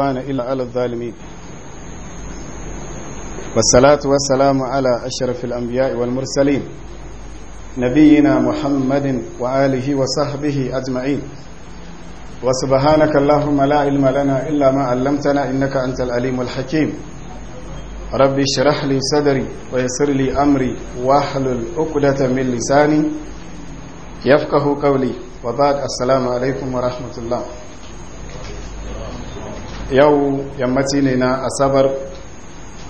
عدوان إلا على الظالمين والصلاة والسلام على أشرف الأنبياء والمرسلين نبينا محمد وآله وصحبه أجمعين وسبحانك اللهم لا علم لنا إلا ما علمتنا إنك أنت العليم الحكيم ربي اشرح لي صدري ويسر لي أمري واحلل عقدة من لساني يفقه قولي وبعد السلام عليكم ورحمة الله yau yammaci ne na asabar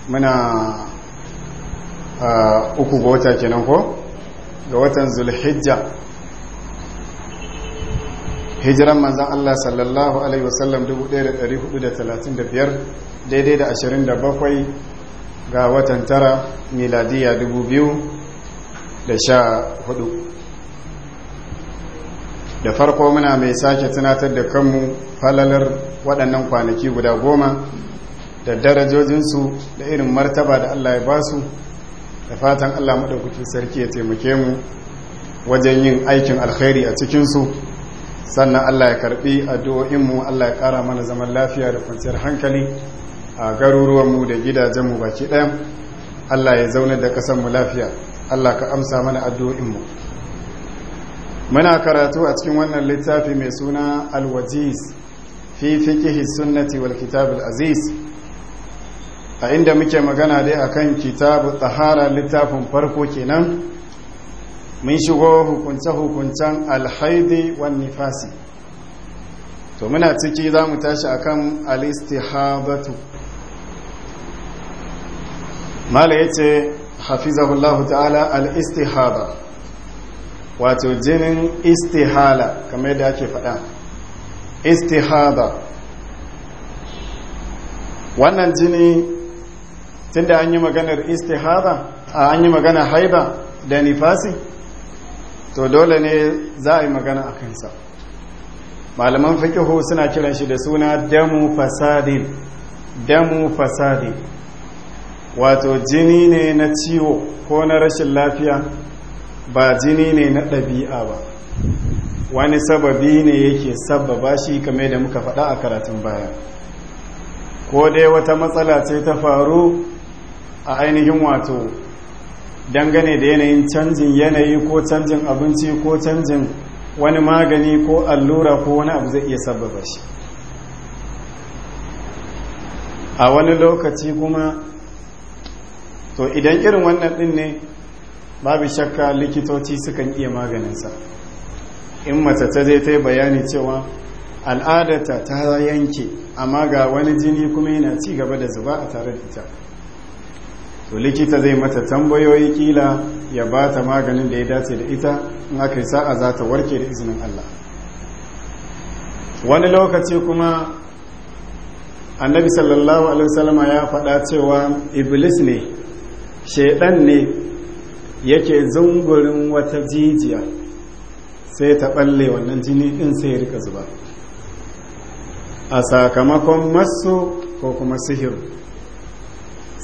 muna ah, uku ga wata kenan ko ga watan zulhijja hijiran manzan Allah sallallahu Alaihi wasallam 1435 daidai da ashirin da bakwai ga watan tara miladiya 2014 da farko muna mai sake tunatar da kanmu falalar waɗannan kwanaki guda goma da darajojinsu da irin martaba da Allah ya basu da fatan Allah maɗaukaki sarki ya taimake mu wajen yin aikin alkhairi a cikinsu sannan Allah ya karɓi addu'o'inmu Allah ya ƙara mana zaman lafiya da kwanciyar hankali a garuruwanmu da gidajenmu baki ɗaya Allah ya zaunar da ƙasarmu lafiya Allah ka amsa mana addu'o'inmu muna karatu a cikin wannan littafi mai suna alwajiz fi fikihi sunnati wal kitab aziz a inda muke magana dai akan kitabu tsahara littafin farko kenan mun shigo hukunce-hukuncen alhaidi wan nifasi to muna ciki za mu tashi akan al'istihabatu. mala yace ce hafizahullahu ta'ala al'istihaba wato jinin istihala kamar yadda ake faɗa istihada wannan jini tunda an yi maganar istihada a an yi magana haiba da nifasi to dole ne za a yi magana a kansa malaman fikihu suna kiran shi da suna damu fasadin damu fasadin wato jini ne na ciwo ko na rashin lafiya ba jini ne na ɗabi'a ba wani sababi ne yake sababa shi kame da muka faɗa a karatun baya ko dai wata matsala ce ta faru a ainihin wato dangane da yanayin canjin yanayi ko canjin abinci ko canjin wani magani ko allura ko wani abu zai iya sababa shi a wani lokaci kuma to idan irin wannan ɗin ne babu shakka likitoci sukan iya maganinsa in mace ta zai ta yi bayani cewa al'adata ta yanke amma ga wani jini kuma yana ci gaba da zuba a tare da ita to likita zai mata tambayoyi kila ya ba ta maganin da ya dace da ita in aka yi sa'a za ta warke da izinin Allah wani lokaci kuma annabi sallallahu alaihi wasallama ya faɗa cewa iblis ne shaidan ne yake zungurin wata jijiya sai ta balle wannan jini din sai ya rika zuba a sakamakon masu ko kuma sihiru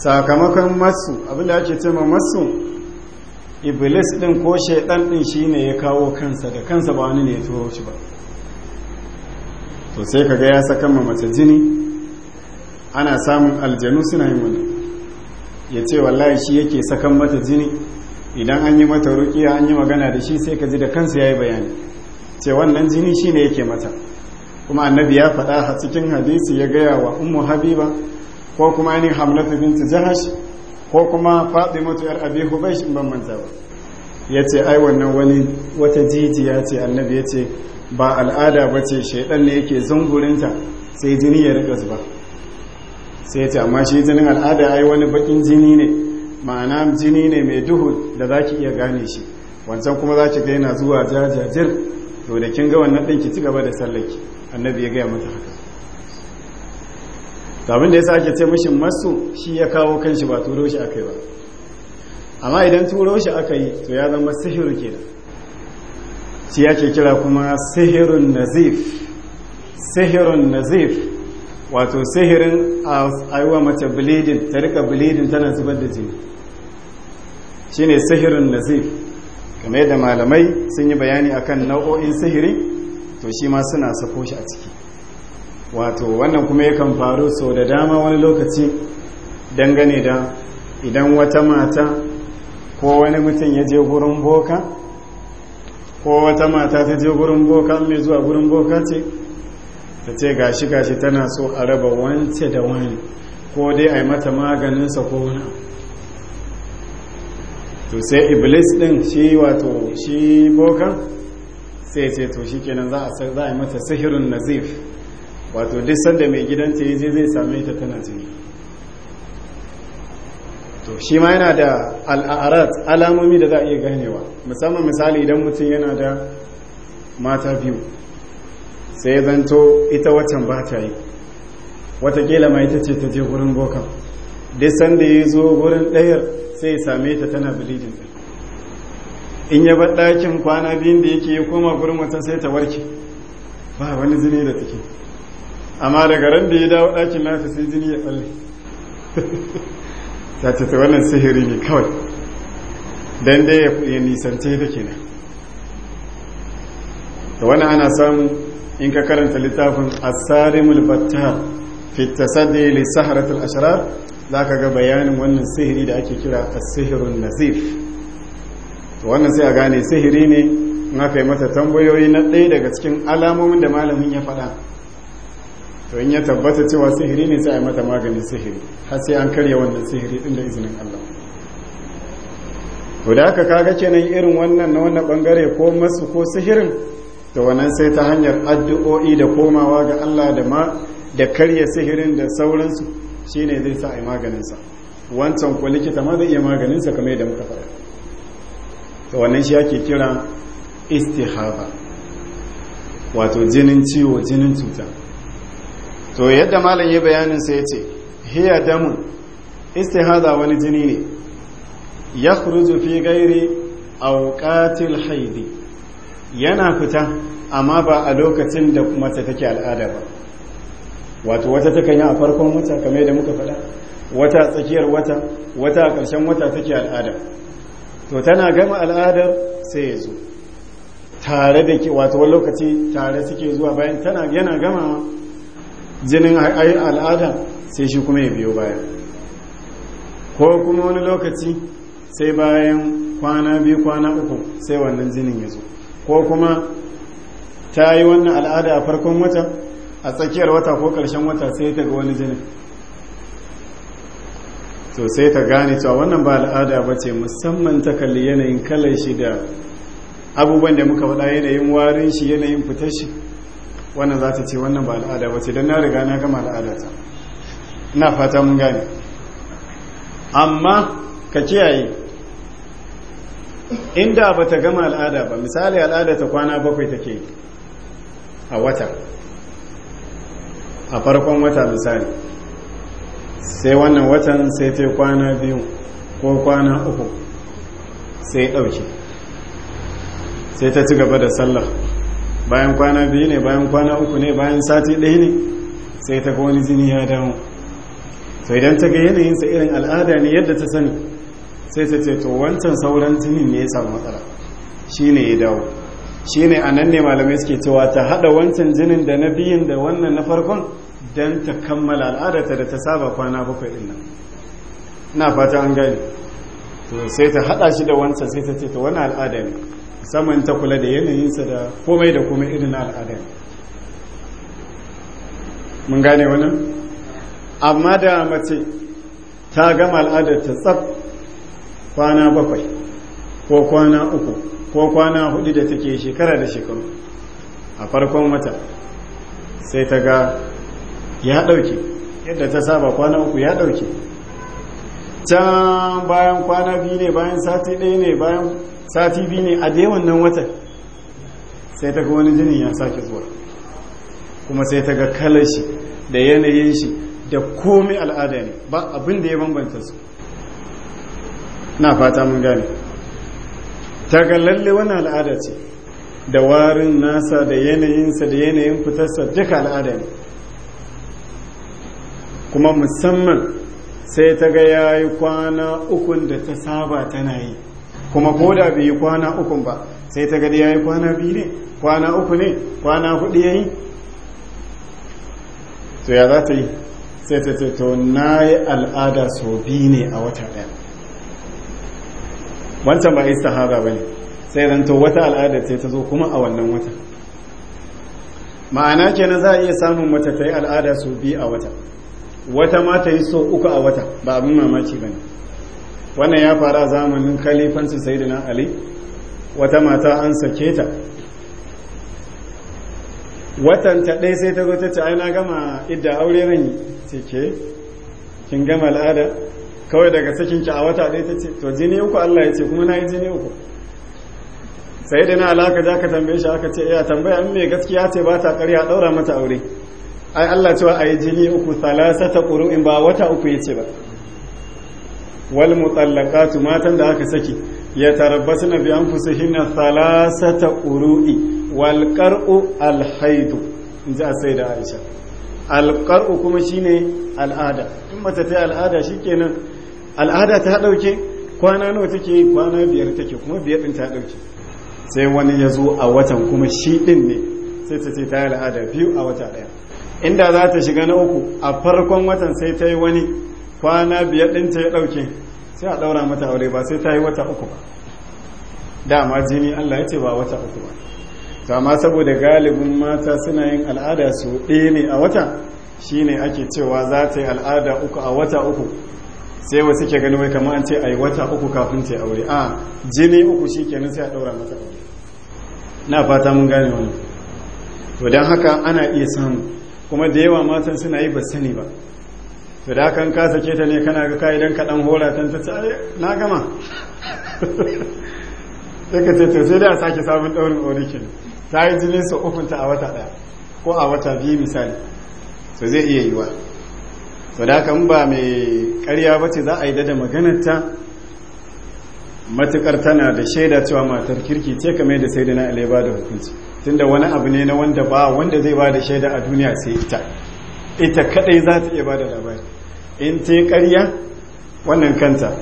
sakamakon masu abinda ake cema masu iblis din ko shaidan din shine ya kawo kansa da kansa ba wani ne ya turo shi ba to sai kaga ya saka mace jini ana samun aljanu suna yin mana ya ce wallahi shi yake sakan mata jini idan an yi mata rukiya an yi magana da shi sai ka ji da kansu ya yi bayani ce wannan jini shi ne yake mata kuma annabi ya faɗa a cikin hadisi ya gaya wa ummu habiba ko kuma ni hamlatu binti jahash ko kuma fatimatu yar abi hubaysh in ban ba yace ai wannan wani wata jijiya ce annabi yace ba al'ada ba ce shaidan ne yake zungurinta sai jini ya rika ba. sai yace amma shi jinin al'ada ai wani bakin jini ne ma'ana jini ne mai duhu da za ki iya gane shi wancan kuma za ki ga yana zuwa jajajir to da kin ga wannan ɗin ki ci gaba da sallaki annabi ya gaya mata haka tabin da ya sa ake ce mashi masu shi ya kawo kanshi ba turo shi aka ba amma idan turo shi aka yi to ya zama sihiru ke shi ya ke kira kuma sihirun nazif sihirun nazif wato sihirin a aiwa mace bleeding ta rika bleeding tana zubar da jini shine sihirin nazif game da malamai sun yi bayani akan nau'o'in sihiri to shi ma suna sako shi a ciki wato wannan kuma yakan faru sau da dama wani lokaci dangane da idan wata mata ko wani mutum ya je gurin boka ko wata mata ta je gurin boka mai zuwa gurin boka ce ta ce gashi gashi tana so a raba wance da wani ko dai a yi mata maganinsa ko wani to sai iblis din shi wato shi bokan sai ce to shi kenan za a yi mata sihirin nazif wato duk sanda mai gidanta ya je zai sami ta tana jini to shi ma yana da al'arat alamomi da za a iya ganewa musamman misali idan mutum yana da mata biyu sai zanto ita watan ba ta yi watakila ma ita ce ta je wurin bokan duk sanda ya zo wurin ɗayar sai same ta tana bleeding in ya bar ɗakin kwana biyun da yake ya koma gurin wata sai ta warke ba wani zini da take amma daga ran da ya dawo ɗakin nasa sai zini ya tsalle ta ce ta wannan sihiri ne kawai dan dai ya nisance da kenan ta wani ana samu in ka karanta littafin asarimul battar fitta sadi li saharatul ashrar za ka ga bayanin wannan sihiri da ake kira a sihirun nazif wannan sai a gane sihiri ne na kai mata tambayoyi na ɗaya daga cikin alamomin da malamin ya faɗa to in ya tabbata cewa sihiri ne sai a mata maganin sihiri har sai an karya wannan sihiri ɗin da izinin Allah to da haka kaga kenan irin wannan na wannan bangare ko masu ko sihirin to wannan sai ta hanyar addu'o'i da komawa ga Allah da ma da karya sihirin da sauransu shi ne zai sa a yi maganinsa wancan ku likita ma zai iya maganinsa kamar yadda muka faɗa to wannan shi ake kira istihaba wato jinin ciwo jinin cuta to yadda malam ya bayanin sa ya ce hiya istihaza wani jini ne ya fi gairi auqatil haidi yana fita amma ba a lokacin da mace take al'ada ba wato wata takan yi a farkon wata kamar da muka faɗa wata tsakiyar wata wata a ƙarshen wata take al'ada to tana gama al'adar sai ya zo tare da ke wato wani lokaci tare suke zuwa bayan tana yana gama jinin al'ada sai shi kuma ya biyo baya ko kuma wani lokaci sai bayan kwana biyu kwana uku sai wannan jinin ya zo ko kuma ta yi wannan al'ada a farkon wata a tsakiyar wata ko karshen wata sai ta ga wani jini to sai ta gane cewa wannan ba al'ada ba ce musamman ta kalli yanayin kalar shi da abubuwan da muka faɗa yanayin warin shi yanayin fitar shi wannan za ta ce wannan ba al'ada ba ce don na riga na gama al'ada ta ina fata mun gane amma ka kiyaye inda ba ta gama al'ada ba misali al'ada ta kwana bakwai take a wata a farkon wata misali sai wannan watan sai ta kwana biyu ko kwana uku sai ɗauki sai ta ci gaba da sallah bayan kwana biyu ne bayan kwana uku ne bayan sati ɗaya ne sai ta ga wani jini ya damu sai idan ta ga yanayinsa irin al'ada ne yadda ta sani sai ta ce to wancan sauran jinin ne ya samu matsala shi ne ya dawo shi ne a nan ne malamai suke cewa ta haɗa wancan jinin da na biyun da wannan na farkon don ta kammala al'adarta da ta saba kwana bakwai na fata an gani sai ta haɗa shi da wancan sai ta ce ta wani al'ada ne saman ta kula da yanayinsa da komai da komai irin na al'ada ne mun gane wani amma da mace ta gama al'adar ta tsaf kwana bakwai ko kwana uku ko kwana hudu da take shekara da shekaru a farkon wata sai ta ga ya dauke yadda ta saba kwana uku ya ɗauke can bayan kwana biyu ne bayan sati ɗaya ne bayan sati biyu ne a yawan nan watan sai ta ga wani jinin ya sake zuwa kuma sai ta ga kalashi da yanayin shi da komai al'ada ne ba abin da ya bambanta su na fata mun gane ta ga lalle wani al'ada ce da warin nasa da yanayinsa da yanayin fitarsa duka al'ada ne kuma musamman sai ta ga ya yi kwana ukun da ta saba tana yi kuma ko da bai yi kwana ukun ba sai ta ga ya yi kwana biyu ne kwana uku ne kwana hudu ya yi to ya za ta yi sai ta ce to na yi al'ada sau biyu ne a wata ɗaya wancan ba haza ba ne sai to wata al'ada sai ta zo kuma a wannan wata ma'ana kenan za a iya samun mace ta yi al'ada sau biyu a wata wata ma ta yi so uku a wata ba abin mamaci ba ne wannan ya faru a zamanin kalifansu sai na ali wata mata an sake ta watan ta ɗaya sai ta zo ta ce ai na gama idda aure ran ce ke kin gama al'ada kawai daga sakin ki a wata ɗaya ta ce to jini uku Allah ya ce kuma na yi jini uku sai da na alaka za ka tambaye shi aka ce ya tambaya in mai gaskiya ce ba ta ƙarya ɗaura mata aure ai Allah cewa ayi jini uku salasata qurun ba wata uku yace ba wal mutallaqatu matan da aka saki ya tarabbasna bi anfusihinna salasata qurui wal qar'u al haidu inji a sai da Aisha al qar'u kuma shine al'ada in mace ta al'ada shikenan al'ada ta dauke kwana nawa take kwana biyar take kuma biyar din ta dauke sai wani ya zo a watan kuma shi din ne sai ta ce ta al'ada biyu a wata daya inda za ta shiga na uku a farkon watan sai ta yi wani kwana biyar ɗinta ya ɗauke sai a ɗaura mata aure ba sai ta yi wata uku ba dama jini allah ya ce ba wata uku ba kama saboda galibin mata suna yin al'ada su ɗaya ne a wata shine ake cewa za ta yi al'ada uku a wata uku sai wasu ke gani wai kama an ce a yi wata uku kafin ta aure a jini uku shi kenan sai a ɗaura mata aure na fata mun gane wani to don haka ana iya samu kuma da yawa matan suna yi ba sani ba to da kan ka sake ta ne kana ga ka'idan kaɗan hora ta ta na gama sai ka ce to sai da sake sabon ɗaurin orikin ta yi jinin sa ukunta a wata ɗaya ko a wata biyu misali su zai iya yiwa so da kan ba mai karya ba ce za a yi da maganarta matukar tana da shaida cewa matar kirki ce kamar da sai da na ba da hukunci tunda wani abu ne na wanda ba wanda zai ba da shaida a duniya sai ita ita kadai za ta iya ba da labari in ta yi karya wannan kanta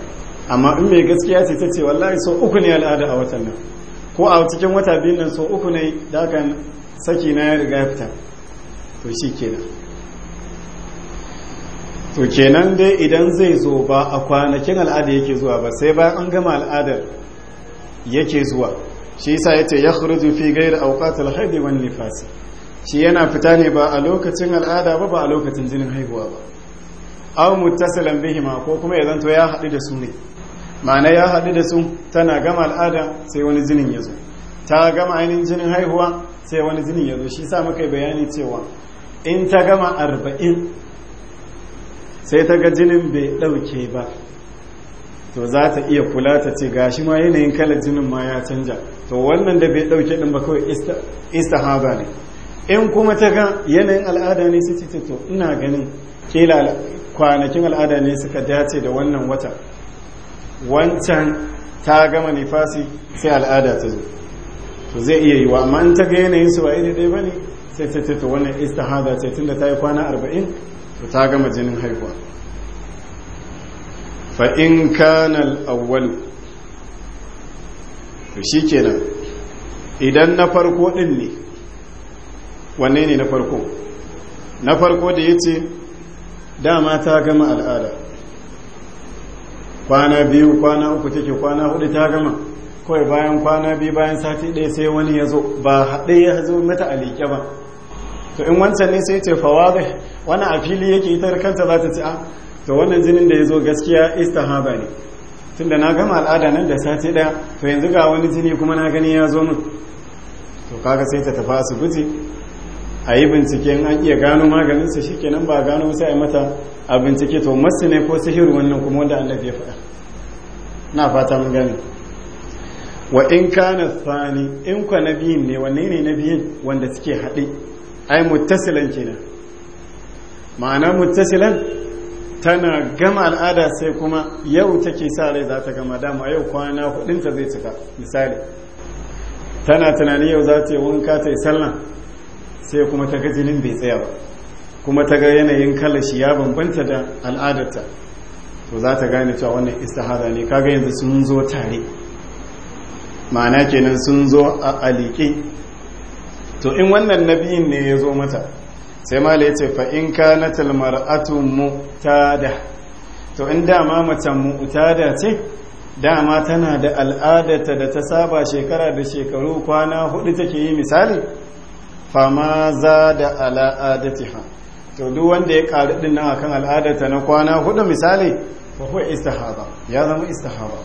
amma in mai gaskiya ce ta ce wallahi so uku ne al'ada a watan nan ko a cikin wata biyun nan so uku ne dakan saki na ya riga ya fita to shi kenan to kenan dai idan zai zo ba a kwanakin al'ada yake zuwa ba sai bayan an gama al'adar yake zuwa shi yasa yace yakhruju fi ghairi awqatil haidi wan nifas shi yana fita ne ba a lokacin al'ada ba ba a lokacin jinin haihuwa ba aw muttasilan bihima ko kuma ya zanto ya hadu da su ne ma'ana ya hadu da su tana gama al'ada sai wani jinin ya zo ta gama ainihin jinin haihuwa sai wani jinin ya zo shi sa muka bayani cewa in ta gama arba'in sai ta ga jinin bai ɗauke ba to za ta iya kula ta ce ga shi ma yanayin kalar jinin ma ya canja to wannan da bai ɗauke ɗin ba kawai istihaba ne in kuma ta ga yanayin al'ada ne su ce to ina ganin kila kwanakin al'ada ne suka dace da wannan wata wancan ta gama nifasi sai al'ada ta zo to zai iya yi wa amma in ta ga yanayin su ba iri ɗaya ba ne sai ta ce to wannan istihada ce tunda ta yi kwana arba'in to ta gama jinin haihuwa fa in kana al-awwal to shikenan idan na farko din ne wanne ne na farko na farko da yace dama ta gama al'ada kwana biyu kwana uku take kwana hudu ta gama kawai bayan kwana biyu bayan sati ɗaya sai wani ya zo ba haɗe ya zo mata a liƙe ba to in wancan ne sai ce fawaɗe wani a fili yake ita kanta za ta ce a ah, to wannan jinin da ya zo gaskiya istihaba ne tunda na gama al'ada nan da sati ɗaya to yanzu ga wani jini kuma na gani ya zo min to kaga sai ta tafi asibiti a yi binciken an iya gano maganinsa shi kenan ba gano sai a mata a bincike to masu ne ko sihiru wannan kuma wanda annabi ya faɗa na fata mun gani wa in kana tsani in kwa na biyun ne wanne ne na biyun wanda suke haɗe ai muttasilan kenan ma'ana muttasilan tana gama al'ada sai kuma yau take sa rai za ta gama dama yau kwana hudunta zai cika misali tana tunani yau za ta yi wanka ta yi sallah sai kuma ta ga jinin bai tsaya ba kuma ta ga yanayin kalashi ya bambanta da al'adarta to za ta gane cewa wannan istihada ne kaga yanzu sun zo tare ma'ana kenan sun zo a aliki to in wannan nabiyin ne ya zo mata sai mala ya ce fa'in ka na talmar'atu da to in dama macen da ce dama tana da al'adata da ta saba shekara da shekaru kwana hudu take yi misali fama za da ha to duk wanda ya ƙaru ɗin nan akan al'adata na kwana hudu misali fa huwa istihaba ya zama istihaba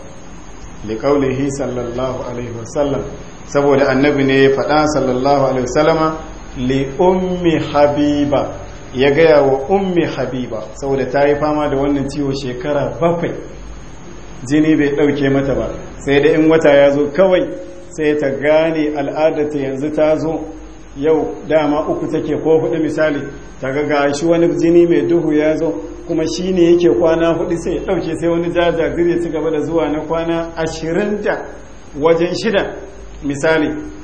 liƙaulihi sallallahu alaihi wasallam saboda annabi ne ya faɗa sallallahu alaihi wasallama li ummi habiba ya gaya wa ummi habiba saboda ta yi fama da wannan ciwo shekara bakwai jini bai dauke mata ba sai da in wata ya zo kawai sai ta gane al'adata yanzu ta zo yau dama uku take ko hudu misali ta ga gashi wani jini mai duhu ya zo kuma shi ne yake kwana hudu sai ya ɗauke sai wani jajagir ya ci gaba da zuwa na kwana ashirin da wajen shida misali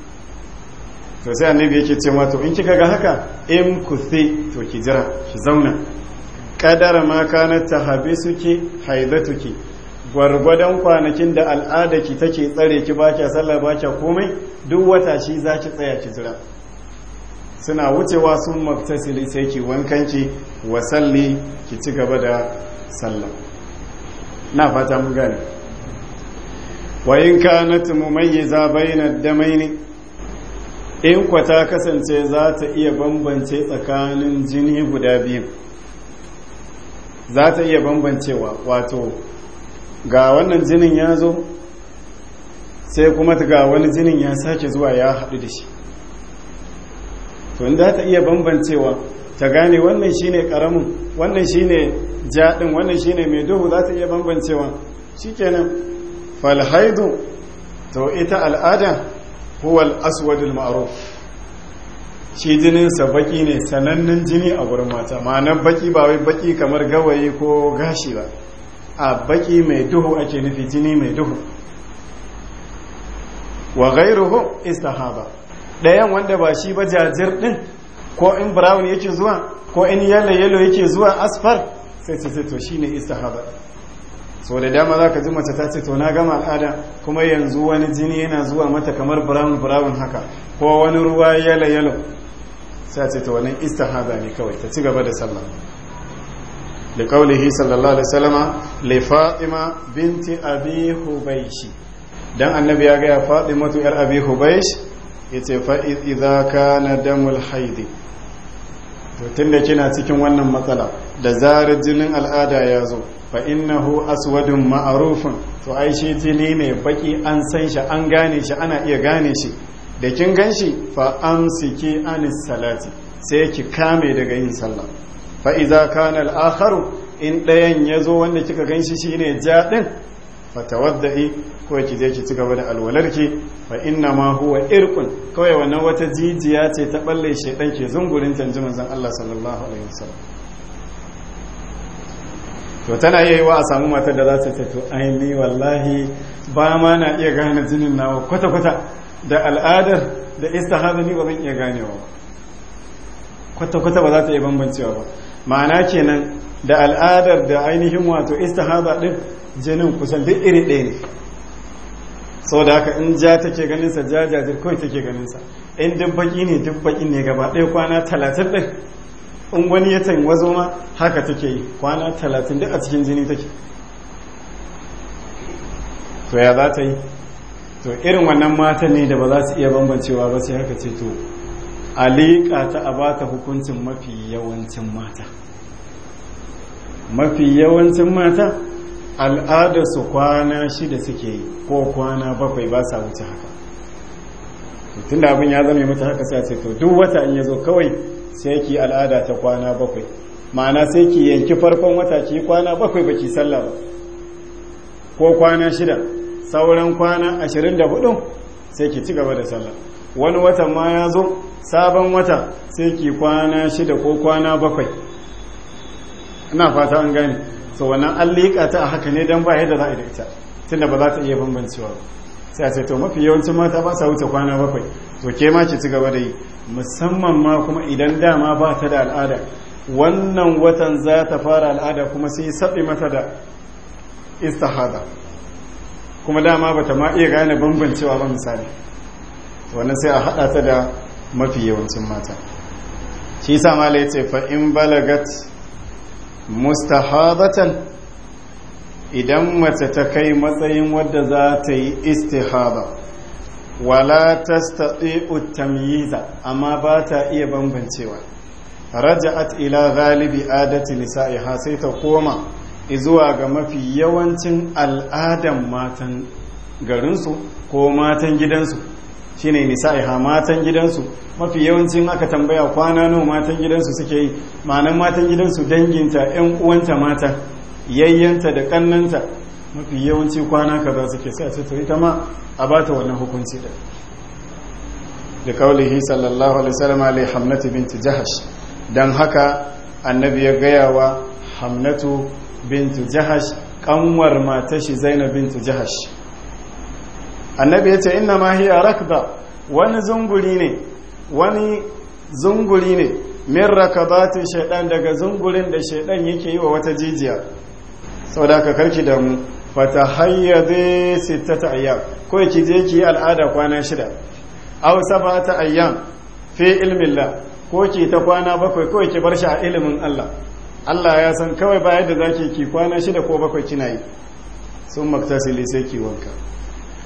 to sai annabi yake ce ma to in kika ga haka in sai to ki jira ki zauna kadara ma kana haidatu haidatuki gwargwadon kwanakin da al'ada ki take tsare ki ba kya sallah ba kya komai duk wata shi za ki tsaya ki jira suna wucewa sun mabtasili sai ki wankanki wa salli ki ci gaba da sallah na fata mun gane wa in kana tumayyiza bainad damaini in kwa ta kasance za ta iya bambance tsakanin jini guda biyu za ta iya bambancewa wato ga wannan jinin ya zo sai kuma ga wani jinin ya sake zuwa ya haɗu da shi to inda ta iya bambancewa ta gane wannan shine karamin wannan shine jaɗin wannan shine mai duhu za ta iya bambancewa shikenan falhaidu to ita al'ada huwal aswadul ma'ruf shi jininsa baki ne sanannen jini a gurin mata ma'anar baki ba wai baki kamar gawayi ko gashi ba a baki mai duhu ake nufi jini mai duhu wa ghairuhu istahaba dayan wanda ba shi ba jajir din ko in brown yake zuwa ko in yellow yellow yake zuwa asfar sai sai to shine istahaba so da dama za ka ji mace ta ce to na gama al'ada kuma yanzu wani jini yana zuwa mata kamar brown brown haka ko wani ruwa yalo yalo sai ce to wannan ne kawai ta ci gaba da sallah da kaulihi sallallahu alaihi wasallama li fatima binti abi hubaishi dan annabi ya ga ya fatima yar abi ce yace fa idza kana damul haidi to tunda kina cikin wannan matsala da zarar jinin al'ada ya zo fa hu aswadun ma'arufin to ai shi jini ne baki an san shi an gane shi ana iya gane shi da kin ganshi shi fa amsiki anis salati sai ki kame daga yin sallah fa iza kana al-akharu in dayan yazo wanda kika ganshi shine ja din fatawaddai ko ki je ki cigaba da alwalarki fa inna ma huwa irqun kawai wannan wata jijiya ce ta balle shedan ke zungurin tanjimin zan Allah sallallahu alaihi wasallam to tana yi wa a samu matar da za ta ce to aini wallahi ba ma na iya gane jinin nawa kwata-kwata da al'adar da ista haɗu ni ba zan iya ganewa kwata-kwata ba za ta iya bambancewa ba ma'ana kenan da al'adar da ainihin wato ista haɗa ɗin jinin kusan duk iri ɗaya ne sau da haka in ja take ganinsa jajajir kawai take ganinsa in duk baki ne duk baki ne gaba ɗaya kwana talatin ɗin in wani ya wazo ma haka take yi kwana talatin duk a cikin jini take to ya za ta yi to irin wannan mata ne da ba za su iya bambancewa ba sai haka ce to alika ta a bata hukuncin mafi yawancin mata mafi yawancin mata al'adar su kwana shida suke yi ko kwana bakwai ba sa wuce haka tunda abin ya zama mata haka sai a ce to duk wata in ya zo kawai sai ki al'ada ta kwana bakwai ma'ana sai ki yanki farkon wata ki kwana bakwai baki sallah ba ko kwana shida sauran kwana 24 sai ki ci gaba da sallah wani watan ma ya zo sabon wata sai ki kwana shida ko kwana bakwai ina fata an gane so wannan an liƙa ta a haka ne don ba yadda za a ita tunda ba za ta iya bambancewa sai a ce to mafi yawancin mata ba sa wuce kwana bakwai to ke ma ci gaba da yi musamman ma kuma idan dama ba ta da al'ada wannan watan za ta fara al'ada kuma sai saɓi mata da istihada kuma dama ba ta ma iya gane bambancewa ba misali wannan sai a haɗa ta da mafi yawancin mata shi sa ma ce fa in balagat mustahadatan idan mace ta kai matsayin wadda za ta yi istihada wala ta tamyiza amma ba ta iya bambancewa raja'at ila ghalibi adati ha sai ta koma zuwa ga mafi yawancin al'adan matan garinsu ko matan gidansu shine ha matan gidansu mafi yawancin aka tambaya kwana nawa matan gidansu suke yi ma'anan matan gidansu danginta 'yan uwanta mata yayyanta da kannanta mafi yawanci kwana kaza suke sai a ce to ma a ba ta wannan hukunci da da kaulihi sallallahu alaihi salama alai hamnatu binti jahash don haka annabi ya gaya wa hamnatu binti jahash kanwar matashi zainab binti jahash annabi ya ce inna ma hiya rakba wani zunguri ne wani zunguri ne min rakabatin shaidan daga zungurin da shaidan yake yi wa wata jijiya sau da aka karki damu fata hayyade ta ayyam ko ki je ki yi al'ada kwana shida aw ta ayyam fi ilmillah ko ki ta kwana bakwai ko ki bar shi a ilimin Allah Allah ya san kawai ba yadda zaki ki kwana shida ko bakwai kina yi sun maktasili sai ki wanka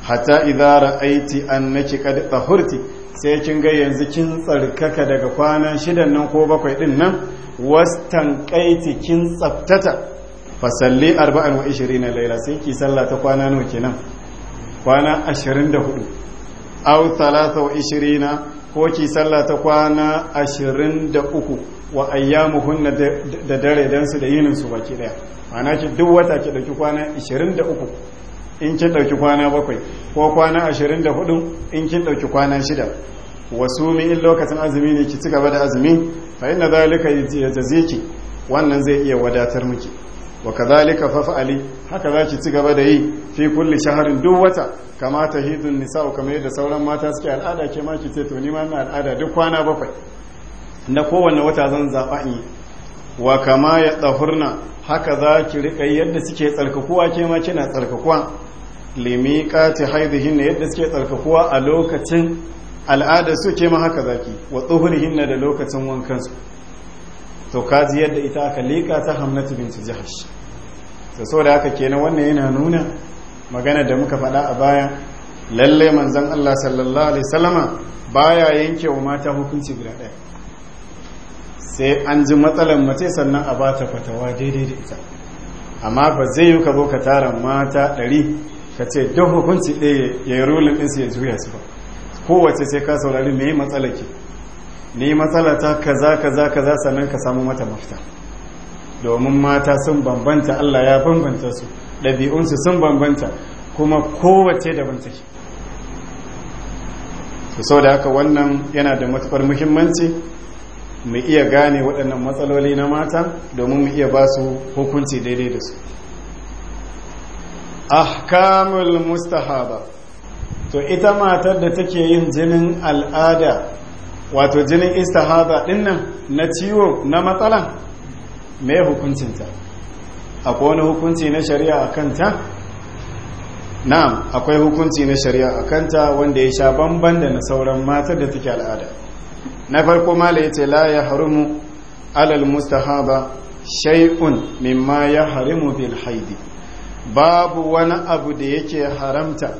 hatta idza ra'aiti annaki qad tahurti sai kin ga yanzu kin tsarkaka daga kwana shidan nan ko bakwai din nan wastan kaiti kin tsaftata fasalli 24 na laila sai ki sallah ta kwana nawa kenan kwana 24 aw 23 ko ki sallah ta kwana 23 wa ayyamuhunna da dare dan su da yinin su baki daya ana ki duk wata ki dauki kwana 23 in kin dauki kwana bakwai ko kwana 24 in kin dauki kwana shida wasu mi in lokacin azumi ne ki ci gaba da azumi fa inna zalika yajziki wannan zai iya wadatar miki wa kadhalika Ali haka zaki ci gaba da yi fi kulli shahrin duk wata kama tahidun ko kamar yadda sauran mata suke al'ada ke ma ki ce to ni ma ina al'ada duk kwana bakwai na kowanne wata zan zaba in wa kama ya dahurna haka za ki rika yadda suke tsarkakuwa ke ma kina tsarkakuwa limiqati haidihin yadda suke tsarkakuwa a lokacin al'ada su ke ma haka zaki wa tsuhurihin da lokacin wankansu to kaji yadda ita aka lika ta hamnatu binti jahash da da haka kenan wannan yana nuna magana da muka faɗa a baya lalle manzon Allah sallallahu alaihi wasallama baya yanke wa mata hukunci guda ɗaya sai an ji matsalar mace sannan a ba ta fatawa daidai da ita amma ba zai yi ka zo ka tara mata ɗari ka ce duk hukunci ɗaya ya yi rulin ɗinsu ya juya su ba kowace sai ka saurari me matsalaki ne matsala ta kaza kaza kaza sannan ka samu mata mafita domin mata sun bambanta Allah ya bambanta su ɗabi'unsu sun bambanta kuma kowace daban take su sau da haka wannan yana da matuƙar muhimmanci mu iya gane waɗannan matsaloli na mata domin mu iya ba su hukunci daidai da su ahkamul mustahaba to ita matar da take yin jinin al'ada wato jinin istihaba ɗinnan na ciwo na matsala me hukuncinta akwai wani hukunci na shari'a a kanta na'am akwai hukunci na shari'a a kanta wanda ya sha bamban da na sauran matar da take al'ada na farko mala ya ce la ya harumu alal mustahaba shay'un mimma ya harimu bil haidi babu wani abu da yake haramta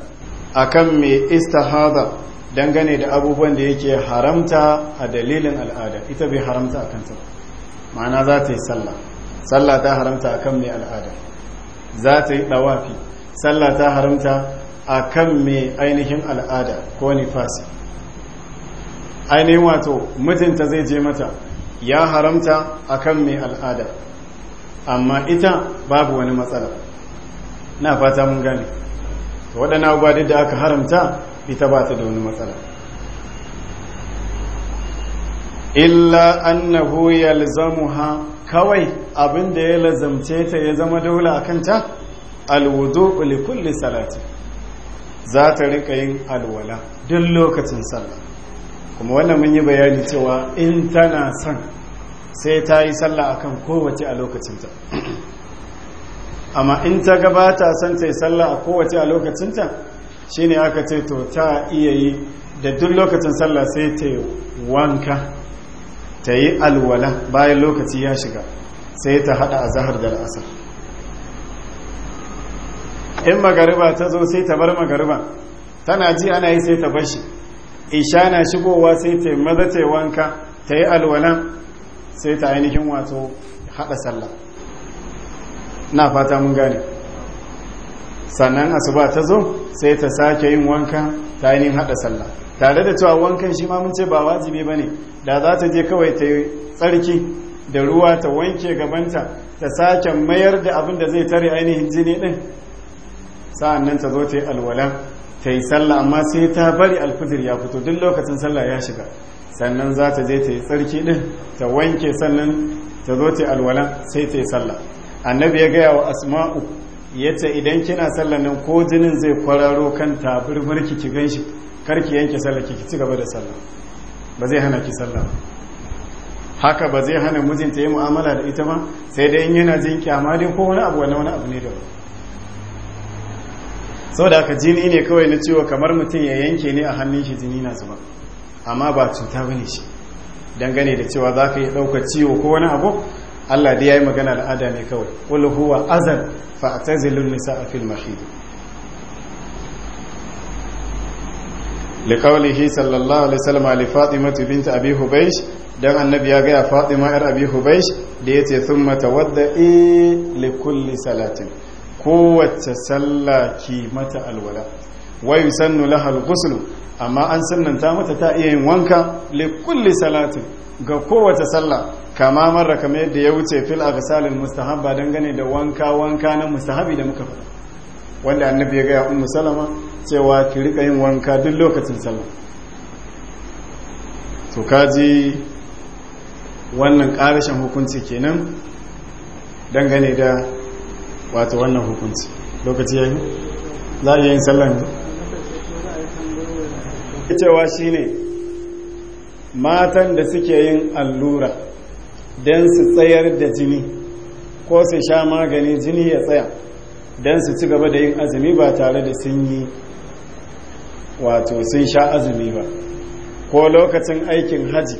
akan mai istahaba dangane da abubuwan da yake haramta a dalilin al'ada ita bai haramta a kanta ba ma'ana za ta yi sallah sallah ta haramta akan mai al'ada za ta yi ɗawafi sallah ta haramta akan mai ainihin al'ada ko nifasi ainihin wato mutunta zai je mata ya haramta akan mai al'ada amma ita babu wani matsala na fata mun gane waɗannan abubuwa da aka haramta ita ba ta da wani matsala illa annahu yalzamuha kawai abin da ya lazamce ta ya zama dole a kanta alwudu li kulli salati za ta rika yin alwala duk lokacin sallah kuma wannan mun yi bayani cewa in tana son sai ta yi sallah akan kowace a lokacinta amma in ta gabata son ta yi sallah a kowace a lokacinta shine aka ce to ta iya yi da duk lokacin sallah sai ta yi wanka ta yi alwala bayan lokaci ya shiga sai ta hada a zahar da asar in magariba ta zo sai ta bar magariba tana ji ana yi sai ta bashi isha na shigowa sai ta maza ta wanka ta yi alwala sai ta ainihin wato hada sallah na fata mun gane sannan asuba ta zo sai ta sake yin wanka ta ainihin hada sallah tare da cewa wankan shi ma mun ce ba wajibi bane da za ta je kawai ta tsarki da ruwa ta wanke gabanta ta sake mayar da abin da zai tare ainihin jini din sa'an nan ta zo ta yi alwala ta yi sallah amma sai ta bari alfijir ya fito duk lokacin sallah ya shiga sannan za ta je ta yi tsarki din ta wanke sannan ta zo ta yi alwala sai ta yi sallah annabi ya gaya wa asma'u ya ce idan kina sallah nan ko jinin zai kwararo kan tabirbirki ki ganshi shi karki yanke sallah ki ci gaba da sallah ba zai hana ki sallah haka ba zai hana mijinta yi mu'amala da ita ma sai dai in yana jin kyama dai ko wani abu wani abu ne da sau da aka jini ne kawai na cewa kamar mutum ya yanke ne a hannun shi jini na zuba amma ba cuta ba ne shi dangane da cewa za ka yi ɗaukar ciwo ko wani abu allah dai ya yi magana al'ada ne kawai wani huwa azan fa a tazilin nisa a fil mahidi liqaulihi sallallahu alaihi wasallam li fatimatu bint abi hubaysh dan annabi ya gaya fatima yar abi hubaysh da yace thumma tawadda'i li kulli salatin kowace sallah ki mata alwala wa yusannu laha alghusl amma an sunnanta mata ta iya yin wanka li salatin ga kowace sallah kama marra kamar yadda ya wuce fil ghsalil mustahabba dangane da wanka wanka na mustahabi da muka faɗa wanda annabi ya gaya ummu salama cewa ki rika yin wanka duk lokacin sallah to kaji wannan ƙarashin hukunci kenan dangane da wato wannan hukunci lokaci ya yi za a yin sallan cewa shi ne matan da suke yin allura don su tsayar da jini ko su sha magani jini ya tsaya don su ci gaba da yin azumi ba tare da sun yi wato sun sha azumi ba ko lokacin aikin haji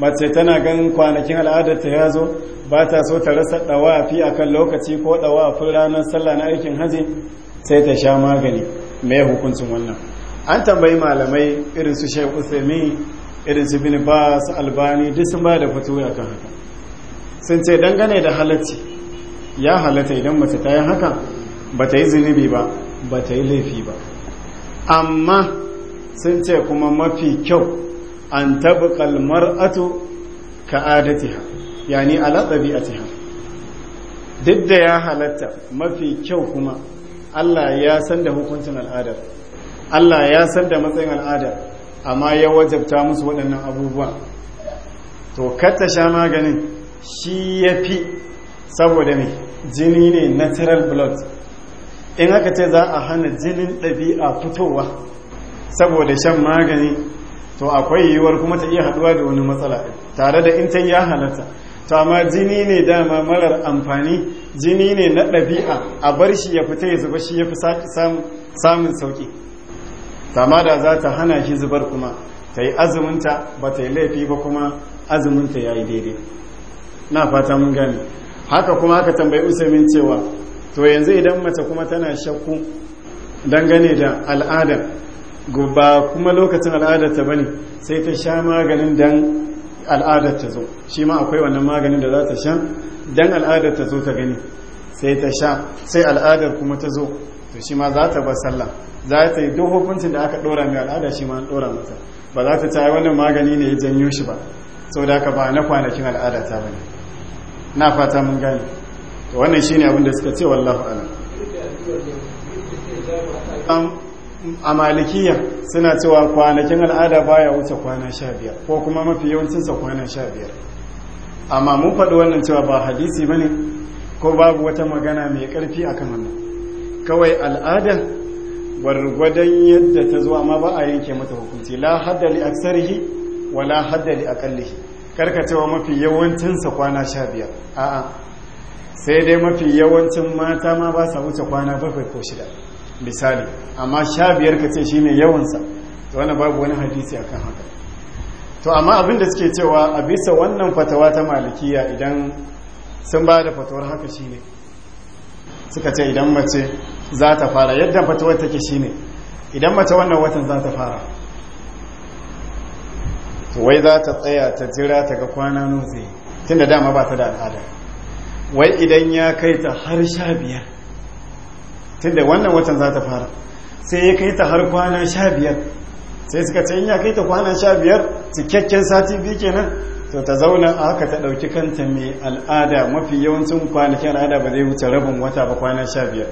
mace tana ganin kwanakin al'adarta ya zo ba ta so ta rasa ɗawafi a kan lokaci ko ɗawafin ranar sallah na aikin haji sai ta sha magani mai hukuncin wannan an tambayi malamai irin su shek usami irin su bin su albani duk sun ba da fito ya kan haka sun ce dangane da halacci ya halatta idan mace ta yi haka ba ta yi zunubi ba ba ta yi laifi ba amma sun ce kuma mafi kyau an tabi kalmar ato ka adatiha yani a ɗabi'atiha duk da ya halatta mafi kyau kuma Allah ya san da hukuncin al'adar Allah ya san da matsayin al'adar amma ya wajabta musu waɗannan abubuwa to ta sha maganin shi ya fi saboda ne jini ne natural blood in aka ce za a hana jinin ɗabi'a fitowa saboda shan magani to akwai yiwuwar kuma ta iya haɗuwa da wani matsala tare da intan ya halatta to amma jini ne dama marar amfani jini ne na ɗabi'a a bar shi ya fita ya zuba shi ya fi samun sauƙi tama da za ta hana shi zubar kuma ta yi azuminta ba ta yi laifi ba kuma azuminta ya yi daidai na fata mun gane haka kuma aka tambayi usamin cewa to yanzu idan mace kuma tana shakku dangane da al'ada ba kuma lokacin al'adarta bane sai ta sha maganin don al'adar ta zo shi ma akwai wannan maganin da za ta sha don al'adar ta zo ta gani sai ta sha sai al'adar kuma ta zo to shi ma za ta bar sallah za ta yi duk hukuncin da aka dora mai al'ada shi ma an dora mata ba za ta ta wannan magani ne ya janyo shi ba sau da ka ba na kwanakin al'ada ta bane na fata mun gane to wannan shine abin da suka ce wallahu alam a malikiya suna cewa kwanakin al'ada baya wuce kwana sha biyar ko kuma mafi yawancinsa kwana sha biyar amma mun faɗi wannan cewa ba hadisi ba ne ko babu wata magana mai ƙarfi akan kan wannan kawai al'ada gwargwadon yadda ta zo amma ba a yanke mata hukunci la hadda li wa la hadda li karka cewa mafi yawancinsa kwana sha biyar a'a sai dai mafi yawancin mata ma ba sa wuce kwana bakwai ko shida misali amma sha biyar ka ce shine yawansa to wani babu wani hadisi akan haka to amma abinda suke cewa a bisa wannan fatawa ta malikiya idan sun ba da fatawar haka shine suka ce idan mace za ta fara yadda fatawar take shine idan mace wannan watan za ta fara wai za ta tsaya ta jira ta ga kwana nutse tunda dama ba ta da al'ada wai idan ya kai ta har sha biyar tunda wannan watan za ta fara sai ya kai ta har kwanan sha biyar sai suka ce ya kai ta kwanan sha biyar cikakken sati biyu kenan to ta zauna a haka ta ɗauki kanta mai al'ada mafi yawancin kwanakin al'ada ba zai wuce rabin wata ba kwanan sha biyar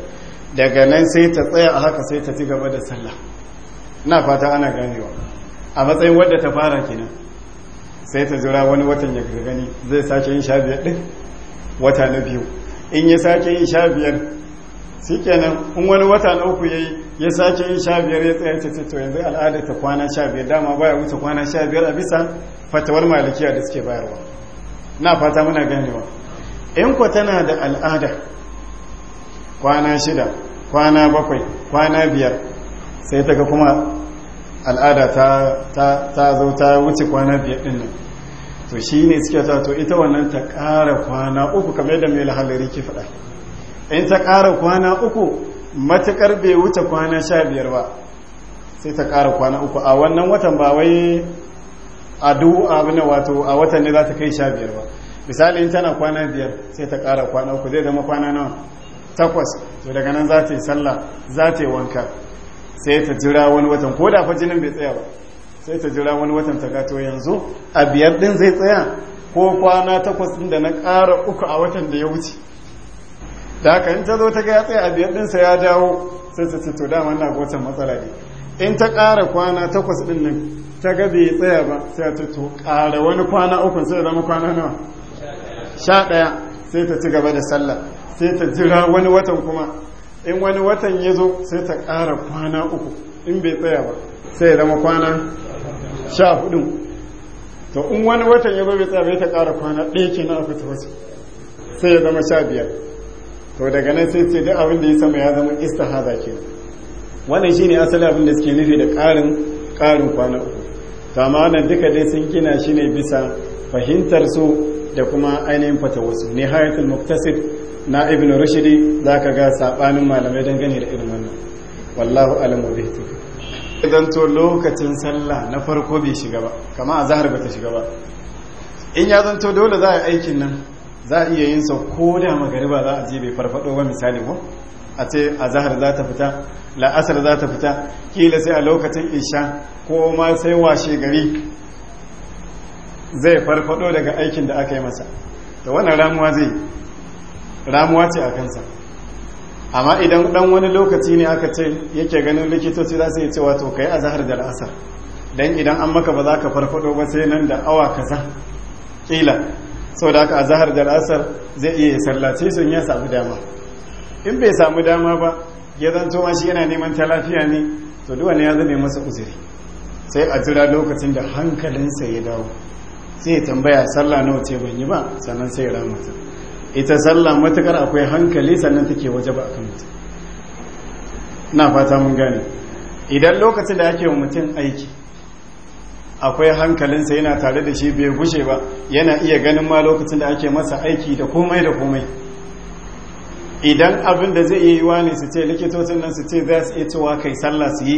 daga nan sai ta tsaya a haka sai ta ci gaba da sallah na fata ana ganewa a matsayin wadda ta fara kenan sai ta jira wani watan ya gani zai sake yin sha biyar ɗin wata na biyu in ya sake yi sha biyar su kenan in wani wata na uku ya yi ya sake yi sha biyar ya tsaye ta to yanzu al'adar ta kwana sha biyar dama baya wuce kwana sha biyar a bisa fatawar malikiya da suke bayarwa na fata muna ganewa in ku tana da al'ada kwana shida kwana bakwai kwana biyar sai ta ga kuma al'ada ta zo ta wuce kwana biyar ɗin nan to shi ne suke ta to ita wannan ta ƙara kwana uku kamar yadda mai lahalari ke faɗa in ta ƙara kwana uku matuƙar bai wuce kwana sha biyar ba sai ta ƙara kwana uku a wannan watan ba wai a duhu abin wato a watan ne za ta kai sha biyar ba misali in tana kwana biyar sai ta ƙara kwana uku zai zama kwana nawa takwas to daga nan za ta yi sallah za ta yi wanka sai ta jira wani watan ko da fa jinin bai tsaya ba sai ta jira wani watan ta gato yanzu a biyar din zai tsaya ko kwana takwas din da na ƙara uku a watan da ya wuce da haka in ta zo ta gaya tsaye tsaya a biyar ɗinsa ya dawo sai ta cito, 'Da dama na watan matsala ne in ta ƙara kwana takwas ɗin nan ta ga bai tsaya ba sai ta cito, ƙara wani kwana uku sai zama kwana nawa sha ɗaya sai ta ci gaba da sallah sai ta jira wani watan kuma in wani watan ya zo sai ta ƙara kwana uku in bai tsaya ba sai zama kwana sha hudu to in wani watan ya bai tsabe ta ƙara kwana ɗaya ke na afirka wasu sai ya zama sha biyar to daga nan sai ce duk abin da ya sama ya zama ista haza ke wannan shine asalin abin da suke nufi da ƙarin ƙarin kwana uku to amma wannan duka dai sun gina shi ne bisa fahimtar su da kuma ainihin fata wasu ne nihayatul muktasir na ibn rushdi zaka ga sabanin malamai dangane da irin wannan wallahu alamu bihi idan to lokacin sallah na farko bai shiga ba kama a zahar ba ta shiga ba in ya zanto dole za a aikin nan za a iya yin sau ko da magariba za a je bai farfado ba misali ko a ce a zahar za ta fita la'asar za ta fita kila sai a lokacin isha ko ma sai washe gari zai farfado daga aikin da aka yi masa da wannan ramuwa zai ramuwa ce a kansa amma idan dan wani lokaci ne aka ce yake ganin likitoci za su yi cewa to kai zahar da al'asar dan idan an maka ba za ka farfado ba sai nan da awa kaza kila aka haka zahar da al'asar zai iya sallace sun ya samu dama in bai samu dama ba ya zan ma shi yana neman ta lafiya ne to ne ya zame masa uzuri sai a jira lokacin da hankalinsa ya dawo sai tambaya sallah nawa ce ban yi ba sannan sai ya ramata ita sallah matakar akwai hankali sannan take waje ba akan mutum na fata mun gane idan lokacin da ake wa mutum aiki akwai hankalinsa yana tare da shi bai gushe ba yana iya ganin ma lokacin da ake masa aiki da komai da komai idan abin da zai yi wani ne su ce likitocin nan su ce za su iya cewa kai sallah su yi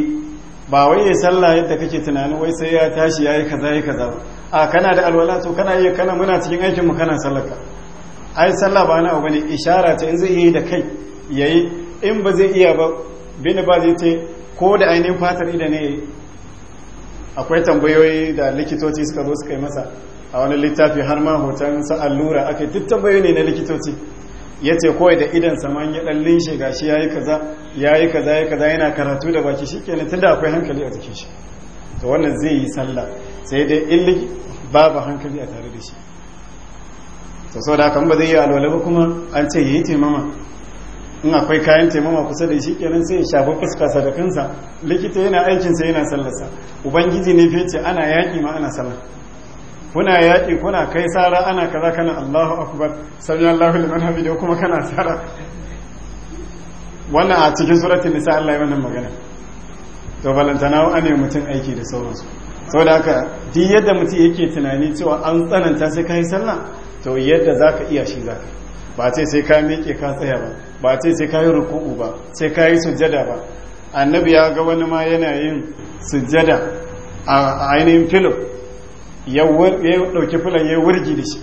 ba wai ya sallah yadda kake tunanin wai sai ya tashi ya yi kaza ya kaza ba a kana da alwala to kana iya kana muna cikin aikin mu kana sallaka ai sallah ba na bane ishara ta in zai yi da kai yayi in ba zai iya ba bin ba zai ce ko da ainihin fatar ida ne akwai tambayoyi da likitoci suka zo suka yi masa a wani littafi har ma hoton sa allura aka duk tambayoyi ne na likitoci ya ce kawai da idan saman ya ɗan linshe gashi ya yi kaza ya kaza ya kaza yana karatu da baki shikenan kenan tunda akwai hankali a jikin shi to wannan zai yi sallah sai dai in babu hankali a tare da shi to da haka ba zai yi alwala ba kuma an ce yi taimama in akwai kayan taimama kusa da shi kenan sai ya shafa fuska kansa likita yana sa yana sallarsa ubangiji ne fice ana yaƙi ma ana sallar. kuna yaƙi kuna kai sara ana kaza kana Allahu akbar sami Allahu liman hamidu kuma kana sara wannan a cikin suratul nisa Allah ya wannan magana to balantana an ne mutum aiki da sauransu saboda haka duk yadda mutum yake tunani cewa an tsananta sai kai sallah to yadda zaka iya shi ka ba ce sai ka miƙe ka tsaya ba ba ce sai ka yi ruku'u ba sai ka yi sujjada ba annabi ya ga wani ma yana yin sujjada a ainihin filo ya ɗauki filon ya wurgi da shi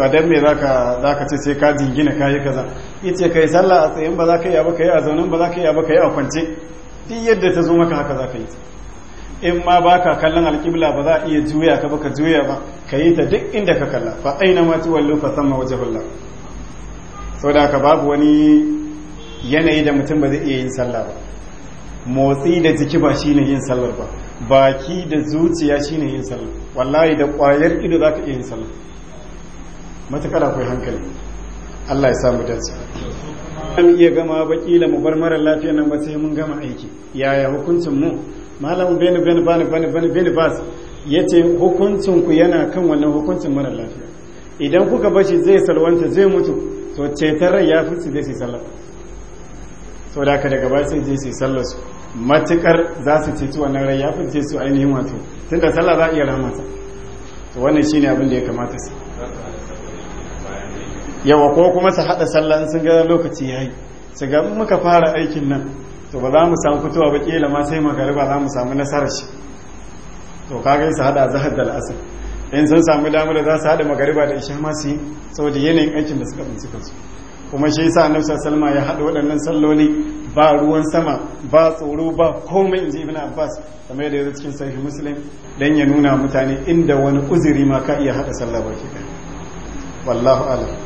a dan me za ka ce sai ka jingina ka yi kaza ita ka yi sallah a tsayin ba za ka yi abu ka yi a zaunin ba za ka yi abu ka yi a kwance duk yadda ta zo maka haka za ka yi in ma baka kallon alƙibla ba za a iya juya ka baka juya ba ka yi ta duk inda ka kalla fa aina ma sama waje bulla Sau da ka babu wani yanayi da mutum ba zai iya yin sallah ba motsi da jiki ba shine yin sallar ba baki da zuciya shine yin sallar wallahi da kwayar ido za ka iya yin sallar matakar akwai hankali Allah ya samu dace an iya gama bakila mu bar mara lafiya nan ba sai mun gama aiki yaya hukuncin mu Malam bin bani bani bani bani bani bas ya ce ku yana kan wannan hukuncin mara lafiya idan kuka bashi zai salwanta zai mutu to cetar rai ya fi zai su sallar to da ka daga sai je su sallar su matukar za su ceto wannan rai ya fice su ainihin wato tun da sallah za a iya ramata to wannan shine abin da ya kamata su yawa ko kuma su haɗa sallah sun ga lokaci ya yi su ga muka fara aikin nan to ba za mu samu fitowa ba kila ma sai magariba za mu samu nasarar shi to kaga su hada zahar da al'asar in sun samu damar da za su hada magariba da isha masu yi saboda yanayin aikin da suka tsinci kansu kuma shi yasa annabi salma ya hada waɗannan salloli ba ruwan sama ba tsoro ba komai ji ibn abbas kamar yadda yazo cikin sahih muslim dan ya nuna mutane inda wani uzuri ma ka iya hada sallah ba ke wallahu a'lam